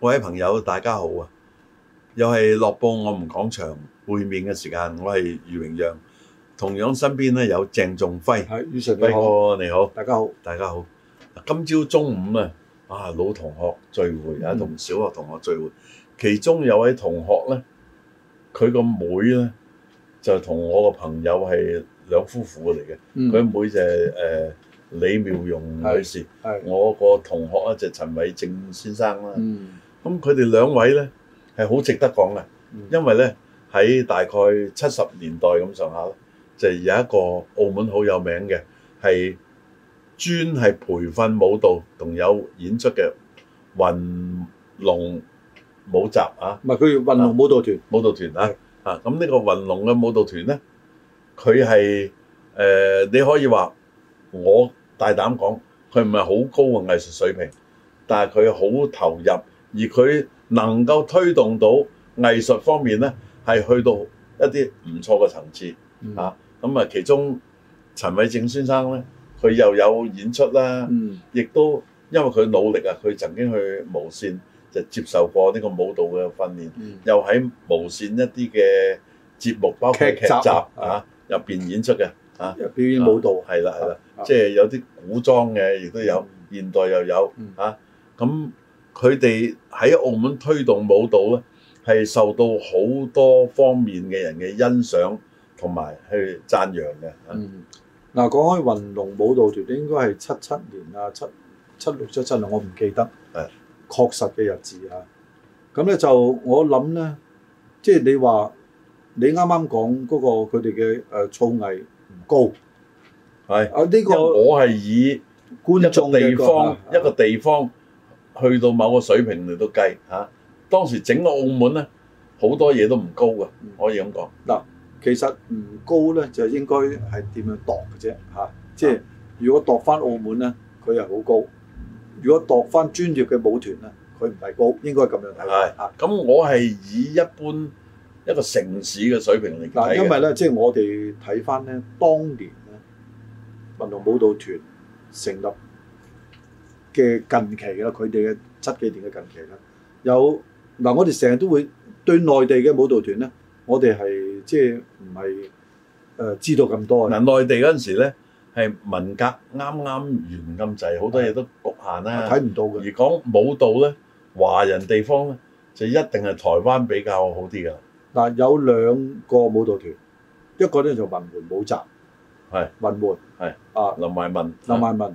各位朋友，大家好啊！又係樂報，我們講場會面嘅時間，我係余榮陽，同樣身邊咧有鄭仲輝，余對 Sir 于 好你好，你好，大家好，大家好。今朝中午啊，啊老同學聚會啊，同小學同學聚會，嗯、其中有位同學咧，佢個妹咧就同我個朋友係兩夫婦嚟嘅，佢、嗯、妹就誒、是呃、李妙容女士，嗯、我個同學咧就陳偉正先生啦。嗯咁佢哋兩位呢係好值得講嘅，因為呢喺大概七十年代咁上下，就有一個澳門好有名嘅係專係培訓舞蹈同有演出嘅雲龍舞集、嗯、啊。唔係佢雲龍舞蹈團、啊、舞蹈團啊的啊！咁呢個雲龍嘅舞蹈團呢，佢係、呃、你可以話我大膽講，佢唔係好高嘅藝術水平，但係佢好投入。而佢能夠推動到藝術方面咧，係去到一啲唔錯嘅層次咁、嗯、啊，其中陳偉正先生咧，佢又有演出啦，亦、嗯、都因為佢努力啊，佢曾經去無線就接受過呢個舞蹈嘅訓練，嗯、又喺無線一啲嘅節目，包括劇集，劇集啊入面演出嘅啊，表演舞蹈係啦係啦，即係有啲古裝嘅，亦都有、嗯、現代又有咁。啊嗯嗯佢哋喺澳門推動舞蹈咧，係受到好多方面嘅人嘅欣賞同埋去讚揚嘅。嗯，嗱講開雲龍舞蹈團，應該係七七年啊，七七六七七年，我唔記得。誒，確實嘅日子啊。咁咧就我諗咧，即係你話你啱啱講嗰個佢哋嘅誒操藝唔高，係。啊呢個我係以觀眾地方一個地方。去到某個水平嚟到計嚇，當時整個澳門咧好多嘢都唔高嘅，可以咁講。嗱、嗯，其實唔高咧就應該係點樣度嘅啫嚇，即係如果度翻澳門咧，佢係好高；如果度翻專業嘅舞團咧，佢唔係高，應該咁樣睇。係啊，咁我係以一般一個城市嘅水平嚟睇。嗱、啊，因為咧，即係我哋睇翻咧，當年咧雲龍舞蹈團成立嘅近期啦，佢哋嘅七幾年嘅近期啦，有。嗱，我哋成日都會對內地嘅舞蹈團咧，我哋係即係唔係誒知道咁多啊？嗱，內地嗰陣時咧係文革啱啱完咁滯，好多嘢都侷限啦，睇唔到嘅。而講舞蹈咧，華人地方咧就一定係台灣比較好啲噶。嗱，有兩個舞蹈團，一個咧就雲門舞集，係雲門，係啊，林懷民，林懷民。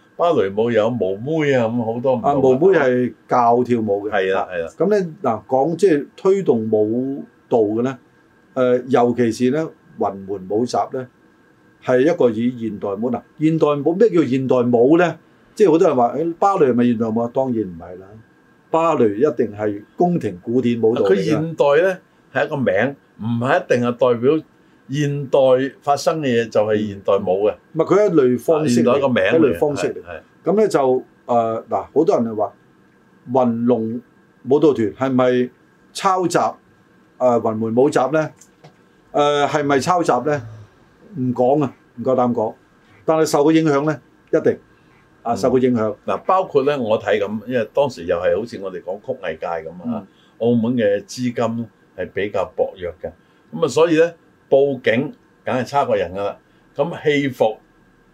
芭蕾舞有毛妹啊，咁好多啊！毛妹係教跳舞嘅。係啦，係啦。咁咧嗱，講即係推動舞蹈嘅咧，誒，尤其是咧雲門舞集咧，係一個以現代舞嗱，現代舞咩叫現代舞咧？即係好多人話：誒芭蕾係咪現代舞啊？當然唔係啦，芭蕾一定係宮廷古典舞蹈。佢現代咧係一個名，唔係一定係代表。現代發生嘅嘢就係現代舞嘅，唔係佢一類方式嚟，一個名一類方式嚟。咁咧就誒嗱，好、呃、多人話雲龍舞蹈團係咪抄襲誒、呃、雲門舞集咧？誒係咪抄襲咧？唔講啊，唔夠膽講。但係受佢影響咧，一定啊受佢影響。嗱、嗯呃，包括咧，我睇咁，因為當時又係好似我哋講曲藝界咁啊，嗯、澳門嘅資金係比較薄弱嘅，咁啊，所以咧。布景梗係差過人㗎啦，咁戲服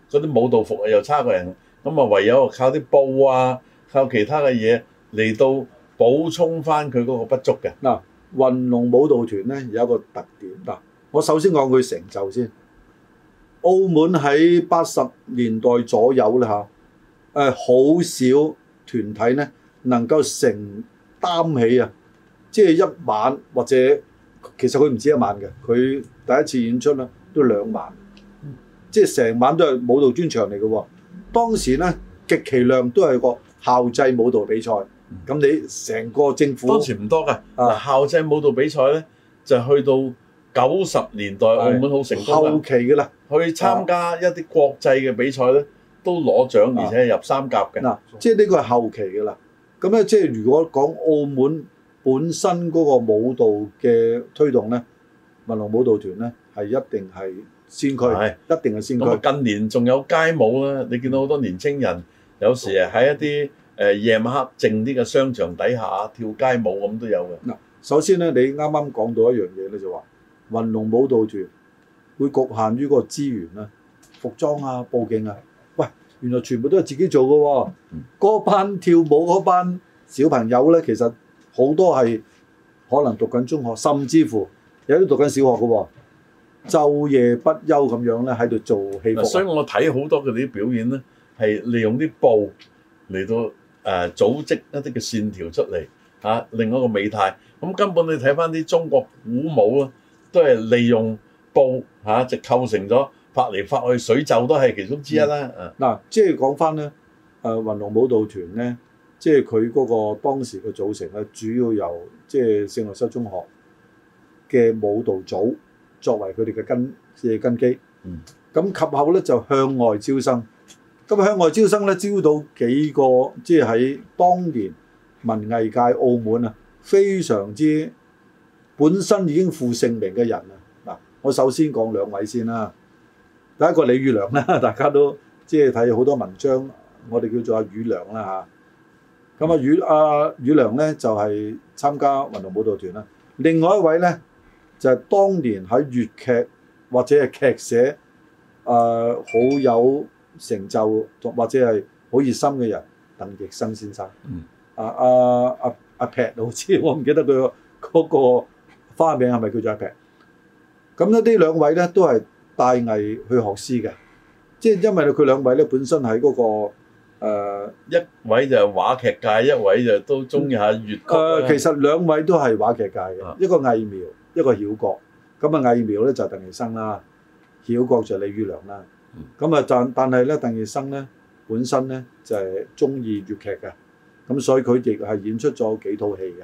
嗰啲舞蹈服又差過人，咁啊唯有靠啲布啊，靠其他嘅嘢嚟到補充翻佢嗰個不足嘅。嗱，雲龍舞蹈團咧有一個特點，嗱，我首先講佢成就先。澳門喺八十年代左右啦嚇，誒、啊、好少團體咧能夠承擔起啊，即係一晚或者。其實佢唔止一晚嘅，佢第一次演出咧都兩晚，即係成晚都係舞蹈專場嚟嘅喎。當時咧極其量都係個校際舞、啊、舞蹈比賽，咁你成個政府當時唔多嘅校際舞蹈比賽咧，就去到九十年代澳門好成功的。後期嘅啦，去參加一啲國際嘅比賽咧，都攞獎、啊、而且入三甲嘅。嗱、啊，即係呢個係後期嘅啦。咁咧即係如果講澳門。本身嗰個舞蹈嘅推動咧，雲龍舞蹈團咧係一定係先驅，是的一定係先驅。咁近年仲有街舞咧，你見到好多年青人有時啊喺一啲誒、呃、夜晚黑靜啲嘅商場底下跳街舞咁都有嘅。嗱，首先咧你啱啱講到一樣嘢咧就話、是，雲龍舞蹈團會局限於嗰個資源啦，服裝啊、布景啊，喂，原來全部都係自己做嘅喎、哦。嗰、嗯、班跳舞嗰班小朋友咧，其實～好多係可能讀緊中學，甚至乎有啲讀緊小學嘅喎，晝夜不休咁樣咧喺度做戲。所以我睇好多佢哋啲表演咧，係利用啲布嚟到誒、呃、組織一啲嘅線條出嚟嚇、啊，另一個美態。咁、嗯、根本你睇翻啲中國古舞咧，都係利用布嚇、啊，就構成咗發嚟發去水袖都係其中之一啦。嗱、嗯，啊、即係講翻咧，誒雲龍舞蹈團咧。即係佢嗰個當時嘅組成咧，主要由即係聖若瑟中學嘅舞蹈組作為佢哋嘅根嘅根基。咁、嗯、及後咧就向外招生，咁向外招生咧，招到幾個即係喺當年文藝界澳門啊，非常之本身已經負盛名嘅人啊。嗱，我首先講兩位先啦，第一個李宇良啦，大家都即係睇好多文章，我哋叫做阿宇良啦嚇咁、嗯、啊，宇啊，宇良咧就係、是、參加雲龍舞蹈團啦。另外一位咧就係、是、當年喺粵劇或者係劇社啊，好有成就或者係好熱心嘅人，鄧奕生先生。嗯。啊啊啊啊！劈老師，我唔記得佢嗰、那個花名係咪叫做阿劈？咁咧，呢兩位咧都係帶藝去學師嘅，即、就、係、是、因為佢兩位咧本身喺嗰、那個。誒一位就係話劇界，一位就都中意下粵劇。誒，其實兩位都係話劇界嘅，一個藝苗，一個曉角。咁啊，藝苗咧就鄧奕生啦，曉角就李宇良啦。咁啊，但但係咧，鄧奕生咧本身咧就係中意粵劇嘅，咁所以佢亦係演出咗幾套戲嘅。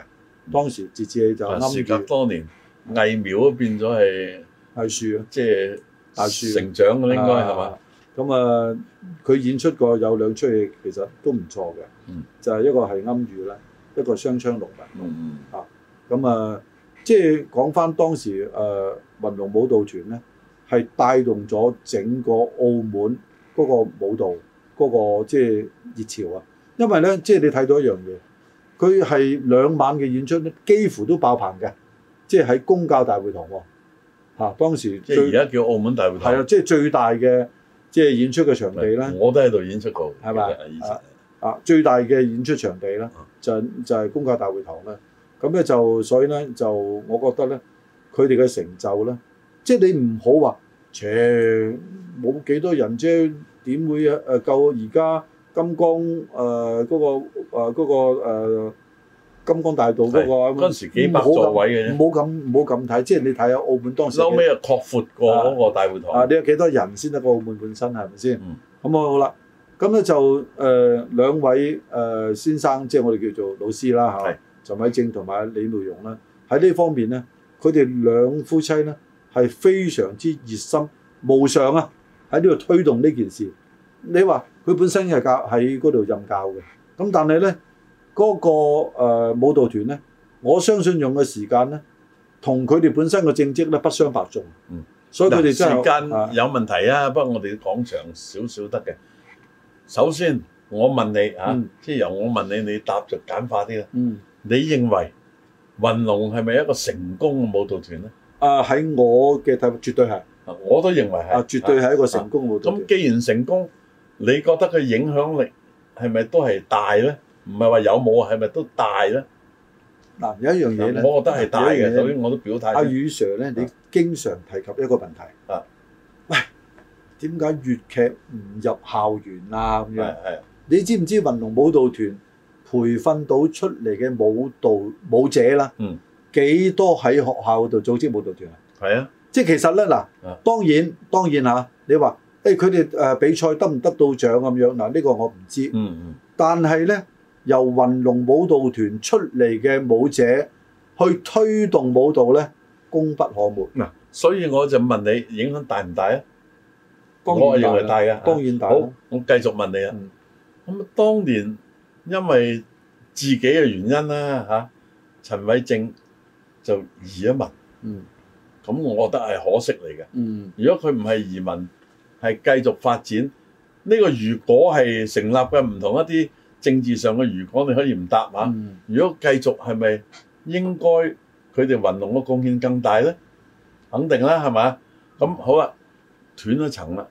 當時直至就諗住。時隔多年，藝苗都變咗係藝樹咯，即係藝樹成長嘅應該係嘛？咁啊，佢演出過有兩出戲，其實都唔錯嘅，嗯、就係一個係韻語啦，一個雙槍六、嗯、啊。啊，咁啊，即係講翻當時誒雲、呃、龍舞蹈團咧，係帶動咗整個澳門嗰個舞蹈嗰個即係熱潮啊。因為咧，即係你睇到一樣嘢，佢係兩晚嘅演出咧，幾乎都爆棚嘅，即係喺公教大會堂喎、啊啊。當當時即係而家叫澳門大會堂係啊，即係最大嘅。即係演出嘅場地咧，我都喺度演出過，係咪吧？啊，啊，最大嘅演出場地咧，嗯，就就係公教大會堂啦。咁咧就，所以咧就，我覺得咧，佢哋嘅成就咧，即係你唔好話，切冇幾多人啫，點、呃、會啊？夠而家金剛啊嗰個啊嗰、呃那個呃金光大道嗰個，嗰陣時幾百座位嘅啫，唔好咁唔好咁睇，即係你睇下澳門當時。後屘啊擴闊過嗰個大會堂。啊，你有幾多人先得個澳門本身係咪先？嗯，咁啊好啦，咁咧就誒兩位誒先生，即係我哋叫做老師啦嚇，陳偉正同埋李梅容啦，喺呢方面咧，佢哋兩夫妻咧係非常之熱心無償啊，喺呢度推動呢件事。你話佢本身係教喺嗰度任教嘅，咁但係咧。嗰個誒舞蹈團咧，我相信用嘅時間咧，同佢哋本身嘅正職咧不相伯仲，嗯，所以佢哋真係時間有問題啊。不過我哋講長少少得嘅。首先我問你嚇，即係由我問你，你答就簡化啲啦。你認為雲龍係咪一個成功嘅舞蹈團咧？啊，喺我嘅睇法，絕對係。我都認為係。啊，絕對係一個成功舞蹈團。咁既然成功，你覺得佢影響力係咪都係大咧？唔係話有冇啊，係咪都大咧？嗱，有一樣嘢咧，我覺得係大嘅。首先我都表態。阿雨 Sir 咧，你經常提及一個問題啊，喂，點解粵劇唔入校園啊？咁樣，係你知唔知雲龍舞蹈團培訓到出嚟嘅舞蹈舞者啦？嗯。幾多喺學校度組織舞蹈團啊？係啊，即係其實咧嗱，當然當然嚇，你話誒佢哋誒比賽得唔得到獎咁樣嗱？呢個我唔知，嗯嗯，但係咧。由雲龍舞蹈團出嚟嘅舞者去推動舞蹈咧，功不可沒嗱、啊。所以我就問你，影響大唔大啊？我認為大嘅。當然大。好，我繼續問你啊。咁、嗯、啊，當年因為自己嘅原因啦嚇、啊，陳偉正就移咗民。嗯。咁我覺得係可惜嚟嘅。嗯。如果佢唔係移民，係繼續發展呢、呢個，如果係成立嘅唔同一啲。政治上嘅，如果你可以唔答啊？如果繼續係咪應該佢哋雲龍嘅貢獻更大咧？肯定啦，係咪啊？咁好啦，斷咗層啦，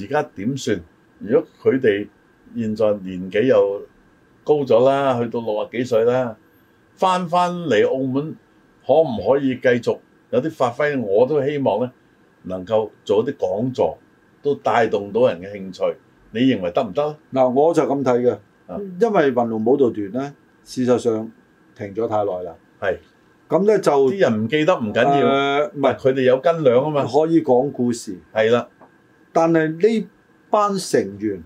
而家點算？如果佢哋現在年紀又高咗啦，去到六啊幾歲啦，翻翻嚟澳門，可唔可以繼續有啲發揮？我都希望咧能夠做啲講座，都帶動到人嘅興趣。你認為得唔得咧？嗱，我就咁睇嘅。因為雲龍舞蹈團咧，事實上停咗太耐啦。係，咁咧就啲人唔記得唔緊要。誒，唔係佢哋有斤兩啊嘛。可以講故事係啦，但係呢班成員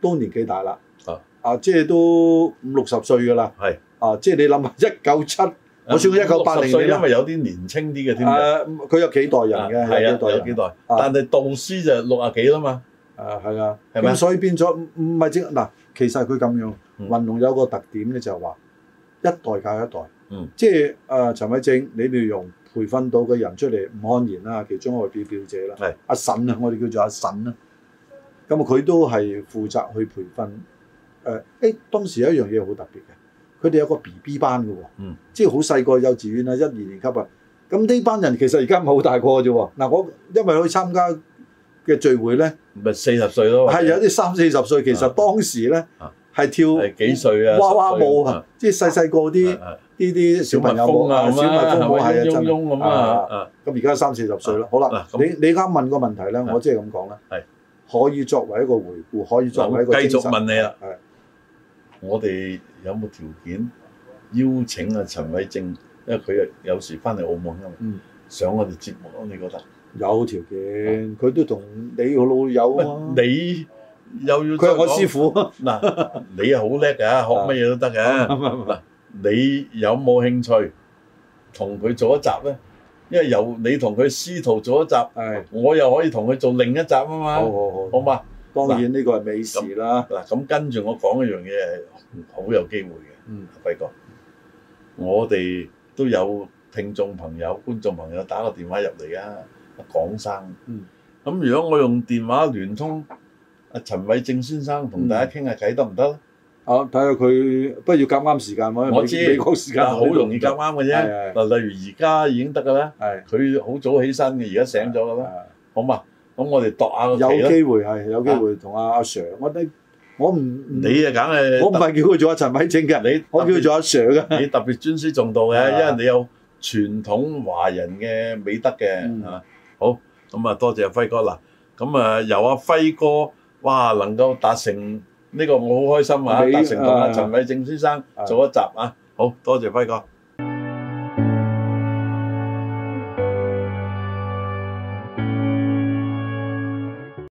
都年紀大啦。啊啊，即係都五六十歲㗎啦。係啊，即係你諗下，一九七，我算佢一九八零年，因為有啲年青啲嘅添。佢有幾代人嘅，係，代有幾代，但係導師就六啊幾啦嘛。誒係啊，咁、啊、嗎所以變咗唔係即嗱，其實佢咁樣雲龍有個特點咧，就係話一代教一代，嗯、即係誒、呃、陳偉正，你哋用培訓到嘅人出嚟吳漢言啦，其中一位代表，表姐啦，是阿沈啊，我哋叫做阿沈啦，咁佢、嗯、都係負責去培訓誒。誒、呃欸、當時有一樣嘢好特別嘅，佢哋有個 BB 班嘅喎，嗯、即係好細個幼稚園啊，一二年級啊，咁呢班人其實而家冇大個啫喎。嗱、啊，我因為去參加。嘅聚會咧，唔係四十歲咯，係有啲三四十歲。其實當時咧係跳幾歲啊？娃娃舞即係細細個啲呢啲小朋友舞啊，小蜜蜂舞啊，嗡嗡咁啊。咁而家三四十歲啦。好啦，你你啱問個問題咧，我即係咁講啦。係可以作為一個回顧，可以作為一個。繼續問你啦。係我哋有冇條件邀請阿陳偉正？因為佢又有時翻嚟澳門啊嘛，上我哋節目咯。你覺得？有條件，佢都同你老友啊嘛。你又要佢係我師傅嗱，你係好叻㗎，學乜嘢都得嘅。嗱，你有冇興趣同佢做一集咧？因為由你同佢師徒做一集，誒，我又可以同佢做另一集啊嘛。好好好，好嘛。當然呢個係美事啦。嗱，咁跟住我講一樣嘢係好有機會嘅。嗯，輝哥，我哋都有聽眾朋友、觀眾朋友打個電話入嚟㗎。廣生，咁如果我用電話聯通阿陳偉正先生同大家傾下偈得唔得咧？啊，睇下佢不如要夾啱時間喎。我知美國時間好容易夾啱嘅啫。嗱，例如而家已經得嘅啦。係，佢好早起身嘅，而家醒咗嘅啦。好嘛，咁我哋度下個。有機會係有機會同阿阿 Sir，我我唔你啊，梗係我唔係叫佢做阿陳偉正嘅，我叫佢做阿 Sir 嘅。你特別尊師重道嘅，因為你有傳統華人嘅美德嘅啊。好，咁啊多謝阿輝哥啦，咁啊由阿輝哥哇，能夠達成呢個，我好開心啊！達成同阿陳偉正先生做一集啊，的好多謝輝哥。